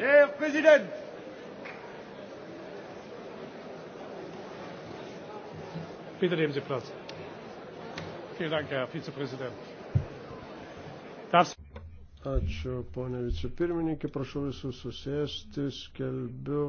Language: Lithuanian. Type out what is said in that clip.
Herr Präsident! Bitte nehmen Sie Platz. Vielen Dank, Herr Vizepräsident. Das Ačiū, ponė vicepirmininkė, prašau visus susėsti, skelbiu.